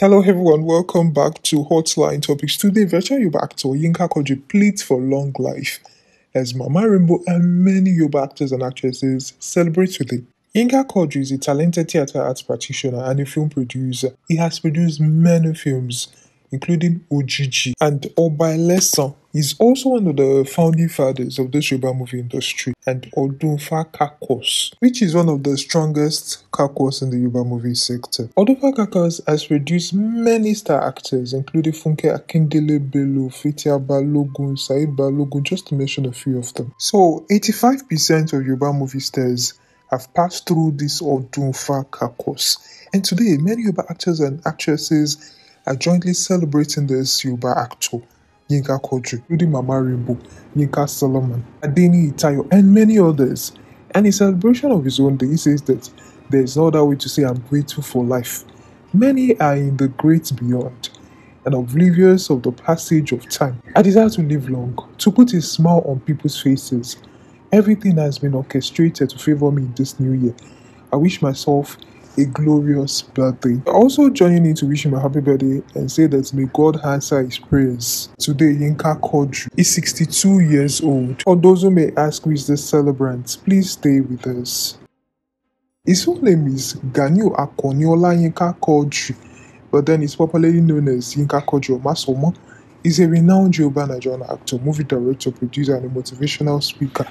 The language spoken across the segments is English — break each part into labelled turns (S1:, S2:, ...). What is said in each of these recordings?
S1: Hello everyone, welcome back to Hotline Topics. Today, virtual Yoruba actor Yinka Koji pleads for long life as Mama Rainbow and many Yoruba actors and actresses celebrate today. Yinka Koji is a talented theatre arts practitioner and a film producer. He has produced many films, including Ojiji and Oba Lesson, He's also one of the founding fathers of the Shoba movie industry and Odufa Kakos, which is one of the strongest Kakos in the Yoruba movie sector. Odufa Kakos has produced many star actors, including Funke Akindele Belo, Fitia Balogun, Said Balogun, just to mention a few of them. So, 85% of Yoruba movie stars have passed through this Odufa Kakos. And today, many Yoruba actors and actresses are jointly celebrating this Yoruba actor. Yinka Kochi, Rudy Mamaribo, Yinka Solomon, Adeni Itayo, and many others. And in celebration of his own day, he says that there is no other way to say I'm grateful for life. Many are in the great beyond and oblivious of the passage of time. I desire to live long, to put a smile on people's faces. Everything has been orchestrated to favor me this new year. I wish myself a glorious birthday. Also joining in to wish him a happy birthday and say that may God answer his prayers. Today, Yinka Kodju is 62 years old. For those who may ask who is the celebrant, please stay with us. His full name is Ganyu Akoniola Yinka Kodju, but then he's popularly known as Yinka Kodju Masomo. He's a renowned Yoruba Nigerian actor, movie director, producer, and a motivational speaker.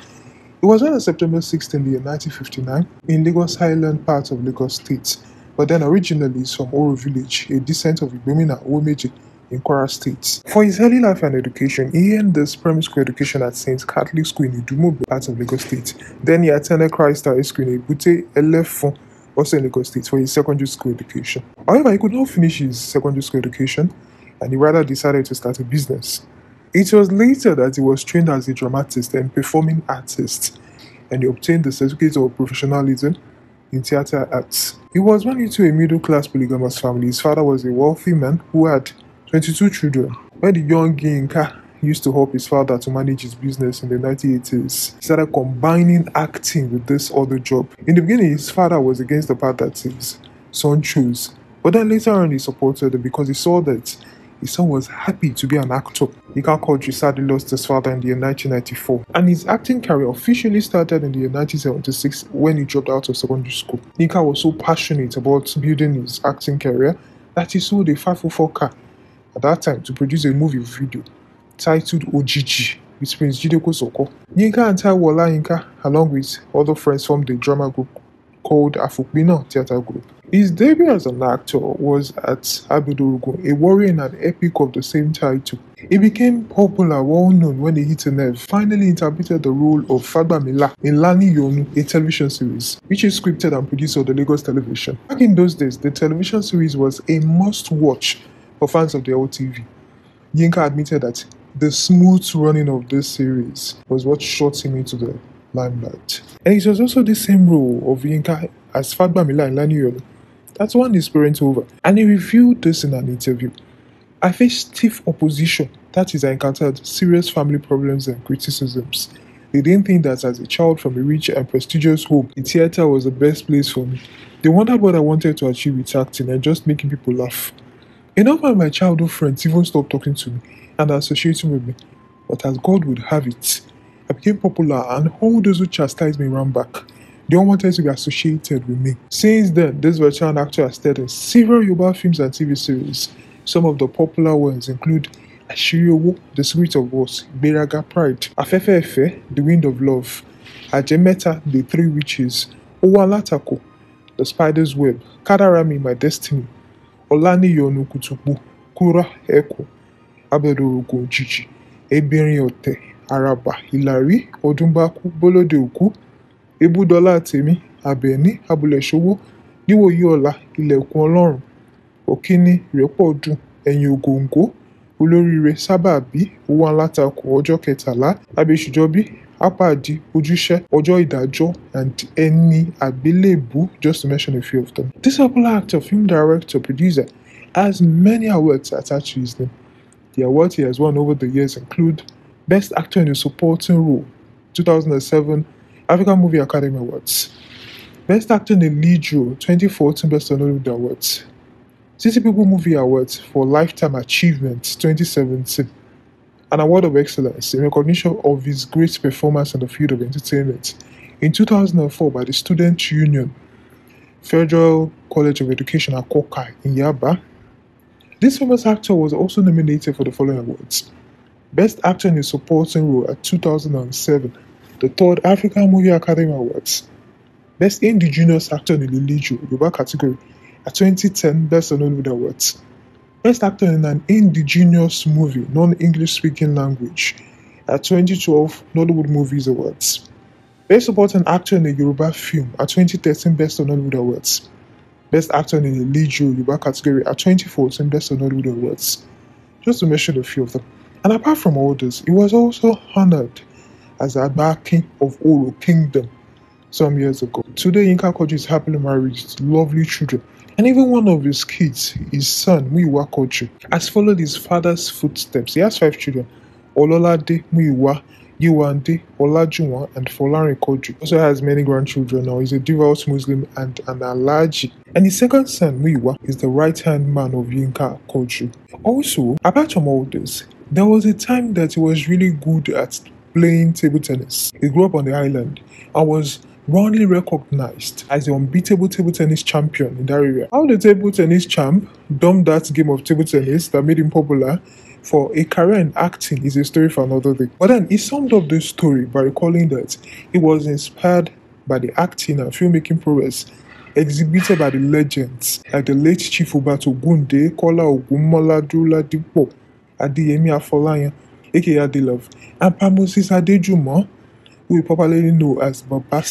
S1: It was on September 16, in the year 1959 in Lagos Highland part of Lagos State, but then originally from Oro Village, a descent of Igbomina Omeji in Kora State. For his early life and education, he earned his primary school education at St. Catholic School in Idumogbe, part of Lagos State. Then he attended Christ High School in Ebute Elefun, also in Lagos State, for his secondary school education. However, he could not finish his secondary school education and he rather decided to start a business. It was later that he was trained as a dramatist and performing artist, and he obtained the certificate of professionalism in theater arts. He was born into a middle class polygamous family. His father was a wealthy man who had 22 children. When the young Ginka used to help his father to manage his business in the 1980s. He started combining acting with this other job. In the beginning, his father was against the path that his son chose, but then later on he supported him because he saw that his son was happy to be an actor. called Kodrisadi lost his father in the year 1994, and his acting career officially started in the year 1976 when he dropped out of secondary school. Ika was so passionate about building his acting career that he sold a 504 car at that time to produce a movie video titled Ojiji with Prince Jideko Soko. Yinka and Taiwala Yinka, along with other friends, formed a drama group called Afukbina Theatre Group. His debut as an actor was at Abidorugo, a warrior in an epic of the same title. He became popular, well known when he hit a nerve, finally interpreted the role of Mila in Lani Yonu, a television series, which is scripted and produced on the Lagos television. Back in those days, the television series was a must watch for fans of the old TV. Yinka admitted that the smooth running of this series was what shot him into the limelight. And it was also the same role of Yinka as Mila in Lani Yonu that one his parents over, and he revealed this in an interview. I faced stiff opposition, that is, I encountered serious family problems and criticisms. They didn't think that as a child from a rich and prestigious home, the theater was the best place for me. They wondered what I wanted to achieve with acting and just making people laugh. Enough of my childhood friends even stopped talking to me and associating with me. But as God would have it, I became popular and all those who chastised me ran back don't want us to be associated with me. Since then, this veteran actor has starred in several Yoruba films and TV series. Some of the popular ones include Ashiriowo, The Spirit of Wars, Beraga Pride, Afefe Efe, The Wind of Love, Ajemeta, The Three Witches, Owalatako, The Spider's Web, Kadarami, My Destiny, Olaniyonu Kutubu, Kura Eko, Abedorogo Ojiji, Ebirin Ọ̀tẹ̀, Àràbà, Ìlàrí, Odumbaku, Bọ́lódé Òkú, ebúdọ́lá tèmi àbẹ̀ní abúlẹ̀ṣòwò níwòye ọ̀la ilẹ̀kùn ọlọ́run òkíní ìrẹ́pọ̀dùn ẹ̀yìn ògòǹgò olóríire sábàbí owó alátakò ọjọ́ kẹtàlá abẹ́sùjọ́bí apàdé ojúṣe ọjọ́ ìdájọ́ and ẹni àgbélébù just to mention a few of them. This popular actor, film director, producer has many awards attached to his name. The awards he has won over the years include Best Actor in a Supporting Role 2007 African Movie Academy Awards. Best Actor in a Lead Role, 2014 Best Hollywood Awards. City People Movie Awards for Lifetime Achievement, 2017. An award of excellence in recognition of his great performance in the field of entertainment. In 2004, by the Student Union, Federal College of Education at in Yaba. This famous actor was also nominated for the following awards Best Actor in a Supporting Role at 2007 the third African Movie Academy Awards. Best Indigenous Actor in the Lead Yoruba category at 2010 Best Hollywood Awards. Best Actor in an Indigenous Movie, Non-English Speaking Language at 2012 Nollywood Movies Awards. Best Supporting Actor in a Yoruba Film at 2013 Best Nollywood Awards. Best Actor in a Lead Yoruba category at 2014 Best Nollywood Awards. Just to mention a few of them. And apart from all this, he was also honored as Aba King of Oro Kingdom some years ago. Today, Yinka Kojo is happily married with lovely children, and even one of his kids, his son, Muiwa Kojo, has followed his father's footsteps. He has five children, Ololade, Muiwa, Yiwande, Olajuwon, and Folarin Kojo. Also has many grandchildren now. He's a devout Muslim and an Alaji. And his second son, Muiwa, is the right-hand man of Yinka Kojo. Also, apart from all this, there was a time that he was really good at playing table tennis. He grew up on the island and was roundly recognized as the unbeatable table tennis champion in that area. How the table tennis champ dumped that game of table tennis that made him popular for a career in acting is a story for another day. But then he summed up this story by recalling that he was inspired by the acting and filmmaking prowess exhibited by the legends like the late Chief Obato Gunde, Kola Ogumola, Dula Dipo, Adeyemi Afolayan, aka Love, and Pamosis Adejumo, who we popularly know as Baba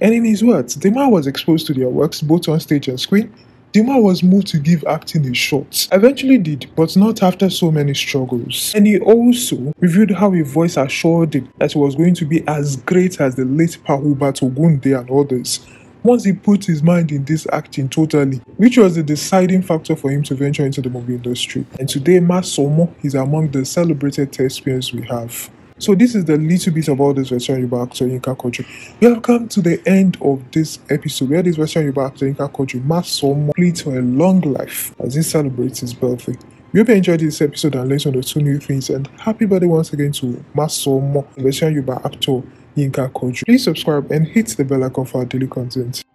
S1: And in his words, Dema was exposed to their works both on stage and screen. Dema was moved to give acting a shot. Eventually did, but not after so many struggles. And he also revealed how his voice assured him that he was going to be as great as the late Pahuba Togunde and others once he put his mind in this acting totally, which was the deciding factor for him to venture into the movie industry. And today, Masomo is among the celebrated test pairs we have. So this is the little bit about this Western Yoruba actor Inca culture. We have come to the end of this episode where this Western Yoruba actor Inca culture Masomo pleads to a long life as he celebrates his birthday. We hope you enjoyed this episode and learned some of the two new things. And happy birthday once again to Masomo, Russian Yuba actor Yinka country. Please subscribe and hit the bell icon for our daily content.